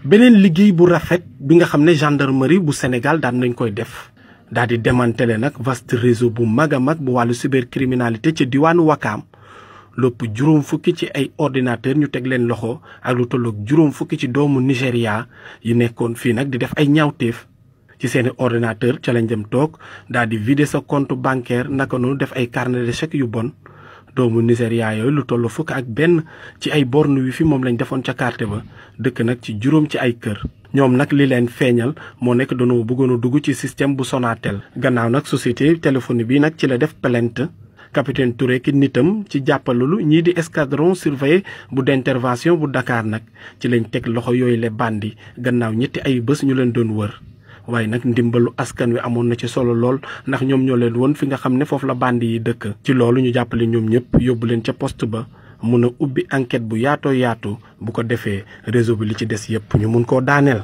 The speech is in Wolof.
beneen liggéey bu rafet bi nga xam ne gendarmerie bu Sénégal daan nañ koy def daal di démanteler nag vaste réseau bu mag a mag bu wàllu cybercriminalité ci diwaanu Wakaam lopp juróom fukki ci ay ordinateur ñu teg leen loxo ak lu tolloog juróom fukki ci doomu Nigéria yi nekkoon fii nag di def ay ñaawteef ci seeni ordinateur ca lañ dem toog daal di vider sa compte bancaire naka noonu def ay carnet de chèque yu bon doomu Nigéria yooyu lu toll fukk ak benn ci ay borne wifi moom lañ defoon ca carte ba dëkk nag ci juróom ci ay kër ñoom nag li leen feeñal moo nekk dañoo bëggoon a dugg ci système bu Sonatel gannaaw nag société téléphone bi nag ci la def plainte capitaine Touré ki nitam ci jàppalulu ñii di escadron surveillé bu d'intervention bu Dakar nag ci lañ teg loxo yooyu le bandi gannaaw ñetti ay bés ñu leen doon wër waaye nag ndimbalu askan wi amoon na ci solo lool ndax ñoom ñoo leen woon fi nga xam ne foofu la band yi dëkk ci loolu ñu jàppale ñoom ñëpp yóbbu leen ca poste ba mun a ubbi enquête bu yaatoo yaatu bu ko defee réseau bi li ci des yëpp ñu mun koo daaneel